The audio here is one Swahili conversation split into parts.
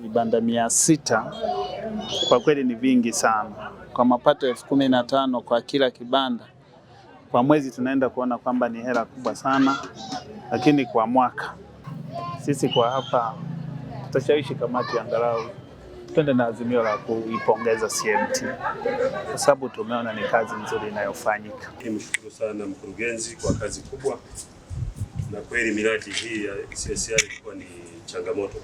Vibanda mia sita kwa kweli ni vingi sana, kwa mapato elfu kumi na tano kwa kila kibanda kwa mwezi, tunaenda kuona kwamba ni hela kubwa sana, lakini kwa mwaka sisi kwa hapa tutashawishi kamati angalau twende na azimio la kuipongeza CMT kwa sababu tumeona ni kazi nzuri inayofanyika. Nimshukuru sana mkurugenzi kwa kazi kubwa, na kweli miradi hii ya CSR ilikuwa ni changamoto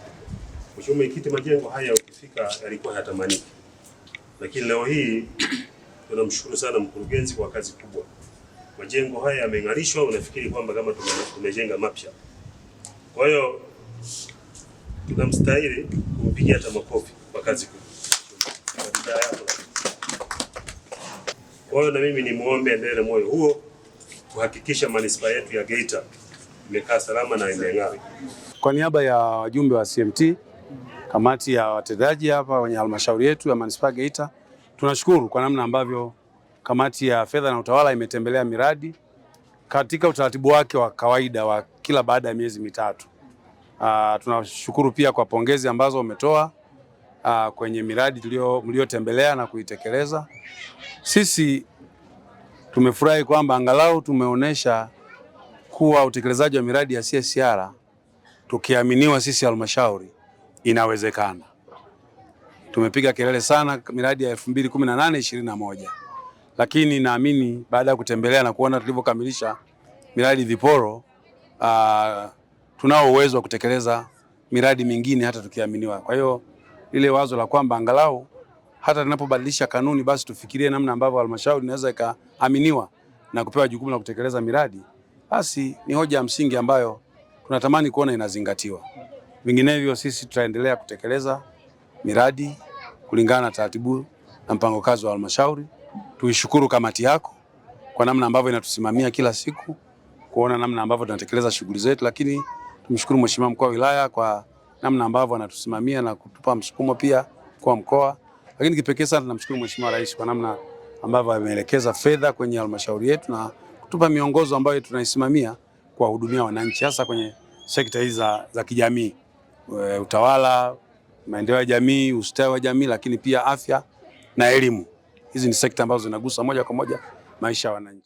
Mheshimiwa Mwenyekiti, majengo haya ukifika yalikuwa hayatamaniki, lakini leo hii tunamshukuru sana mkurugenzi kwa kazi kubwa. Majengo haya yameng'arishwa, unafikiri kwamba kama tumejenga mapya. Kwa hiyo tunamstahili kumpigia hata makofi kwa kazi kubwa. Kwa hiyo na mimi nimwombe endelee moyo huo kuhakikisha manispaa yetu ya Geita imekaa salama na imeng'ara. Kwa niaba ya wajumbe wa CMT kamati ya watendaji hapa kwenye halmashauri yetu ya manispaa Geita. Tunashukuru kwa namna ambavyo kamati ya fedha na utawala imetembelea miradi katika utaratibu wake wa kawaida wa kila baada ya miezi mitatu. Aa, ah, tunashukuru pia kwa pongezi ambazo umetoa aa, ah, kwenye miradi mliotembelea na kuitekeleza. Sisi tumefurahi kwamba angalau tumeonyesha kuwa utekelezaji wa miradi ya CSR tukiaminiwa sisi halmashauri inawezekana. Tumepiga kelele sana miradi ya 2018 21, lakini naamini baada ya kutembelea na kuona tulivyokamilisha miradi viporo, uh, tunao uwezo wa kutekeleza miradi mingine hata tukiaminiwa. Kwa hiyo lile wazo la kwamba angalau hata tunapobadilisha kanuni basi tufikirie namna ambavyo halmashauri inaweza ikaaminiwa na kupewa jukumu la kutekeleza miradi, basi ni hoja ya msingi ambayo tunatamani kuona inazingatiwa. Vinginevyo sisi tutaendelea kutekeleza miradi kulingana na taratibu na mpango kazi wa halmashauri. Tuishukuru kamati yako kwa namna ambavyo inatusimamia kila siku kuona namna ambavyo tunatekeleza shughuli zetu, lakini tumshukuru Mheshimiwa mkuu wa wilaya kwa namna ambavyo anatusimamia na kutupa msukumo pia kwa mkoa, lakini kipekee sana tunamshukuru Mheshimiwa Rais kwa namna ambavyo ameelekeza fedha kwenye halmashauri yetu na kutupa miongozo ambayo tunaisimamia kuwahudumia wananchi hasa kwenye sekta hizi za kijamii. Eh, utawala, maendeleo ya jamii, ustawi wa jamii, lakini pia afya na elimu. Hizi ni sekta ambazo zinagusa moja kwa moja maisha ya wananchi.